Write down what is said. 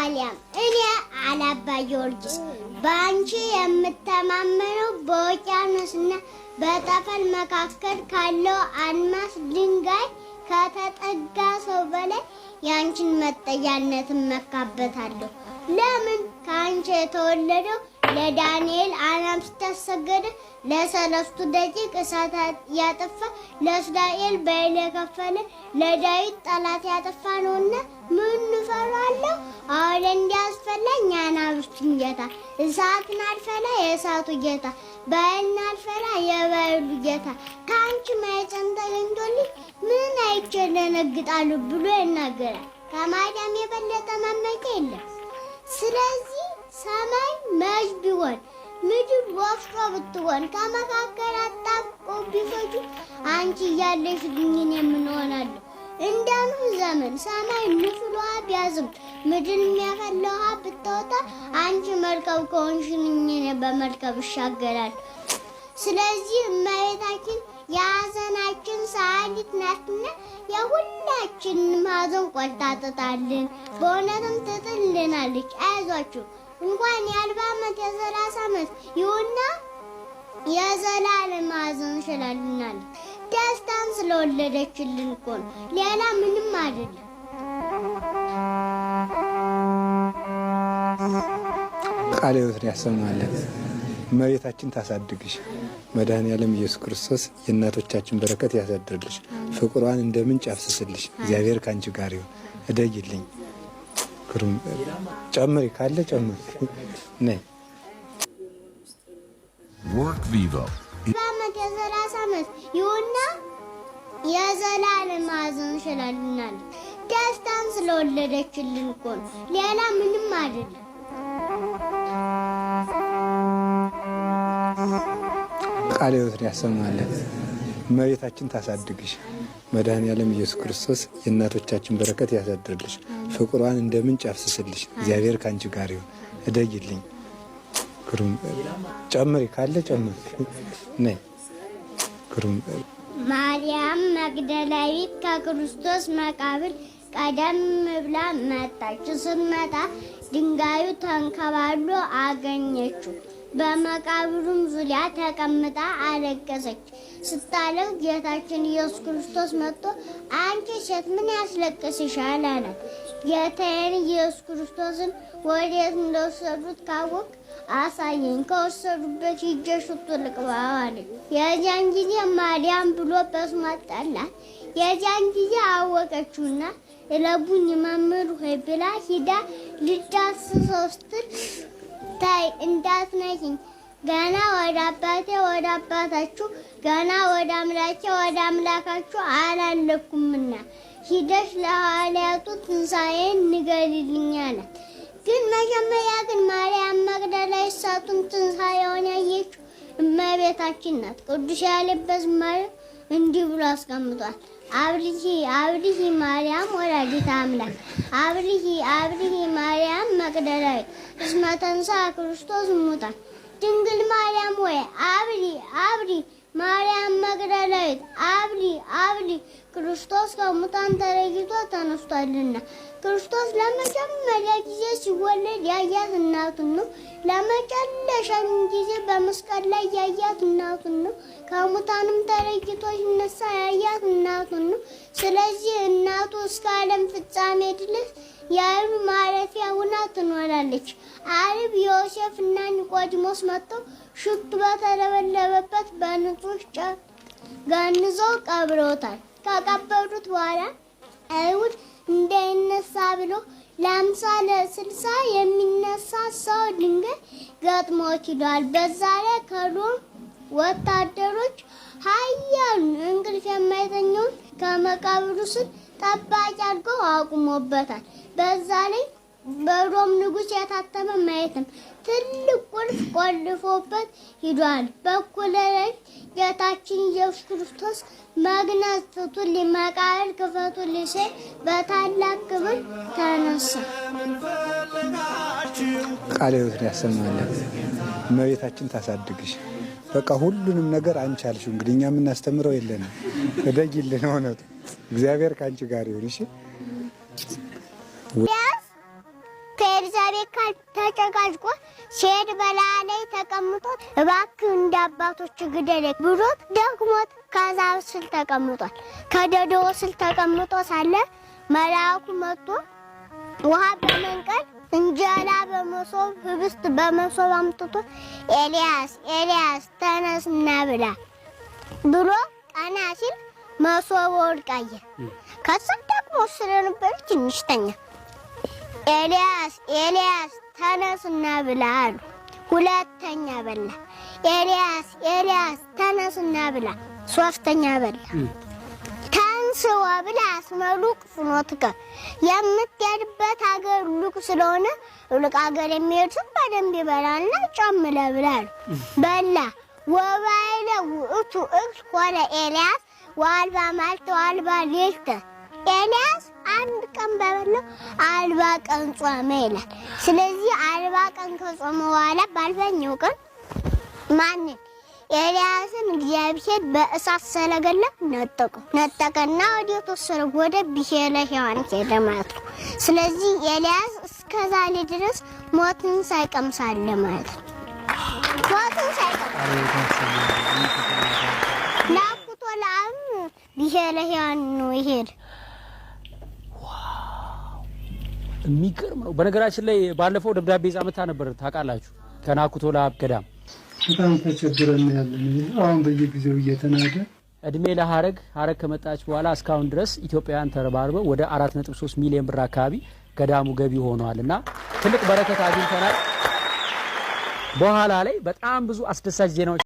አልያም እኔ አላባ ጊዮርጊስ በአንቺ የምተማመነው በውቅያኖስና በጠፈር መካከል ካለው አልማስ ድንጋይ ከተጠጋ ሰው በላይ የአንቺን መጠያነትን መካበታለሁ። ለምን ከአንቺ የተወለደው ለዳንኤል አናም ስታሰገደ ለሰለስቱ ደቂቅ እሳት ያጠፋ ለእስራኤል በይል የከፈለ ለዳዊት ጠላት ያጠፋ ነውና ምን እፈራለሁ? አሁን እንዲያስፈላኝ የአናብስቱ ጌታ እሳትን አልፈላ የእሳቱ ጌታ በይልን አልፈላ የበይሉ ጌታ ከአንቺ ማኅፀን ተገኝቶልኝ ምን አይቼ ደነግጣለሁ ብሎ ይናገራል። ከማዳም የበለጠ መመኪያ የለም። ስለዚህ ሰማይ መጅ ቢሆን ምድር ወፍጮ ብትሆን ከመካከል አጣብቀው ቢፈጁ አንቺ እያለሽ ግኝን የምንሆናለሁ እንዳንሁ ዘመን ሰማይ ንፍሏ ቢያዝም ምድር የሚያፈለውሃ ብታወጣ አንቺ መርከብ ከሆንሽንኝን በመርከብ ይሻገራል። ስለዚህ እመቤታችን የሀዘናችን ሰዓሊት ናትና የሁላችንም ሀዘን ቆርጣ ትጥጣልን፣ በእውነትም ትጥልናለች። አይዟችሁ እንኳን የአርባ ዓመት የሰላሳ ዓመት ይሁና የዘላለም ሐዘን ችላልናል። ደስታን ስለወለደችልን እኮ ነው፣ ሌላ ምንም አይደለም። ቃለ ሕይወትን ያሰማለን። መሬታችን ታሳድግሽ። መድኃኔዓለም ኢየሱስ ክርስቶስ የእናቶቻችን በረከት ያሳድርልሽ። ፍቅሯን እንደምንጭ ያፍስስልሽ። እግዚአብሔር ከአንቺ ጋር ይሁን። እደይልኝ ክሩም ጨምሪ ካለ ጨምሪ። ወርክ ቪቫ በዓመት የሰላሳ ዓመት ይሁና የዘላለም ሐዘን ችላልናል። ደስታን ስለወለደችልን እኮ ነው፣ ሌላ ምንም አይደለም። ቃለ ሕይወትን ያሰማለን። እመቤታችን ታሳድግሽ። መድኃኔዓለም ኢየሱስ ክርስቶስ የእናቶቻችን በረከት ያሳድርልሽ፣ ፍቅሯን እንደ ምንጭ ያፍስስልሽ። እግዚአብሔር ከአንቺ ጋር ይሁን። እደይልኝ ጨምሪ ካለ ጨምሪ ግሩም ማርያም መግደላዊት ከክርስቶስ መቃብር ቀደም ብላ መጣች። ስትመጣ ድንጋዩ ተንከባሎ አገኘችው። በመቃብሩም ዙሪያ ተቀምጣ አለቀሰች። ስታለቅ ጌታችን ኢየሱስ ክርስቶስ መጥቶ አንቺ ሴት ምን ያስለቅስሻል አላት። ጌታዬን ኢየሱስ ክርስቶስን ወዴት እንደወሰዱት ካወቅ አሳየኝ፣ ከወሰዱበት ሂጄ ሽቱ ልቅባው አለች። የዚያን ጊዜ ማርያም ብሎ በስሟ ጠራት። የዚያን ጊዜ አወቀችውና ለቡኝ መምህር ሆይ ብላ ሂዳ ልዳስሰው ስትል ብታይ እንዳትነኪኝ ገና ወደ አባቴ ወደ አባታችሁ ገና ወደ አምላኬ ወደ አምላካችሁ አላለኩምና ሂደሽ ለሐዋርያቱ ትንሣኤን ንገሪልኝ ግን መጀመሪያ ግን ማርያም መግደላዊት ሰቱን ትንሣኤውን ያየችው እመቤታችን ናት። ቅዱስ ያለበት ዝማሬ እንዲህ ብሎ አስቀምጧል። አብርሂ አብርሂ ማርያም ወላዲተ አምላክ አብርሂ አብርሂ ማርያም መቅደላዊ እስመ ተንሥአ ክርስቶስ እሙታን ድንግል ማርያም ወይ አብሪ አብሪ ማርያም መግደላዊት አብሊ ክርስቶስ ከሙታን ተለይቶ ተነስቷልና። ክርስቶስ ለመጀመሪያ ጊዜ ሲወለድ ያያት እናቱን ነው። ለመጨረሻም ጊዜ በመስቀል ላይ ያያት እናቱን ነው። ከሙታንም ተለይቶ ሲነሳ ያያት እናቱን ነው። ስለዚህ እናቱ እስከ ዓለም ፍጻሜ ድረስ የአይሁድ ማረፊያ ሆና ትኖራለች። አርብ ዮሴፍና ኒቆዲሞስ መጥተው ሽቱ በተለበለበበት በንጹህ ጨርቅ ገንዞ ቀብሮታል። ከቀበሩት በኋላ አይሁድ እንዳይነሳ ብሎ ለአምሳ ለስልሳ የሚነሳ ሰው ድንገት ገጥሞት ይሏል። በዛ ላይ ከሮም ወታደሮች ሀያሉ እንቅልፍ የማይተኘውን ከመቃብሩ ስር ጠባቂ አድርገው አቁሞበታል። በዛ ላይ በሮም ንጉሥ ያታተመ ማየትም ትልቅ ቁልፍ ቆልፎበት ሂዷል። በኩለ ላይ ጌታችን ኢየሱስ ክርስቶስ መግነዝ ፍቱን፣ ክፈቱ ክፈቱን በታላቅ ክብር ተነሳ። ቃለ ሕይወትን ያሰማለን። እመቤታችን ታሳድግሽ። በቃ ሁሉንም ነገር አንቺ አልሽው። እንግዲህ እኛ የምናስተምረው የለንም። እደጊልን። እውነቱ እግዚአብሔር ከአንቺ ጋር ይሁን። እሺ ከኤልዛቤት ጋር ተጨቃጭቆ ሲሄድ በላያ ላይ ተቀምጦ እባክህ እንደ አባቶች ግደለ ብሎ ደክሞት ከዛ ስል ተቀምጧል። ከደዶ ስል ተቀምጦ ሳለ መልአኩ መጥቶ ውሃ በመንቀል እንጀራ በመሶብ ህብስት በመሶብ አምጥቶ ኤልያስ ኤልያስ ተነስና ብላ ብሎ ቀና ሲል መሶብ ወድቃየ ከስም ደግሞ ስለነበረ ትንሽ ኤልያስ ኤልያስ ተነሱና ብላ አሉ። ሁለተኛ በላ። ኤልያስ ኤልያስ ተነሱና ብላ ሶስተኛ በላ። ተንስ ወብላ አስመሉቅ ፍኖትከ የምትሄድበት ሀገር ሉቅ ስለሆነ ሉቅ ሀገር የሚሄዱት በደንብ ይበላልና ጨምለ ብላ አሉ። በላ ወባይለ ውእቱ እግስ ኮለ ኤልያስ ዋልባ ማልተ ዋልባ ሌልተ ኤልያስ አንድ ቀን በበላው አርባ ቀን ጾመ ይላል። ስለዚህ አርባ ቀን ከጾመ በኋላ በአርባኛው ቀን ማንን ኤልያስን እግዚአብሔር በእሳት ስለገለ ነጠቁ ነጠቀና ወደ ተወሰነ ወደ ብሔረ ሕያዋን ሄደ ማለት ነው። ስለዚህ ኤልያስ እስከ ዛሬ ድረስ ሞትን ሳይቀምሳለ ማለት ነው። ሞትን ሳይቀምሳለ ላኩቶ ለአብ ብሔረ ሕያዋን ነው ይሄድ የሚገርም ነው። በነገራችን ላይ ባለፈው ደብዳቤ ዛመታ ነበር ታውቃላችሁ፣ ከናኩቶ ለአብ ገዳም በጣም ተቸግረን ያለን አሁን በየጊዜው እየተናገ እድሜ ለሀረግ ሀረግ ከመጣች በኋላ እስካሁን ድረስ ኢትዮጵያውያን ተረባርበው ወደ 4.3 ሚሊዮን ብር አካባቢ ገዳሙ ገቢ ሆኗል እና ትልቅ በረከት አግኝተናል። በኋላ ላይ በጣም ብዙ አስደሳች ዜናዎች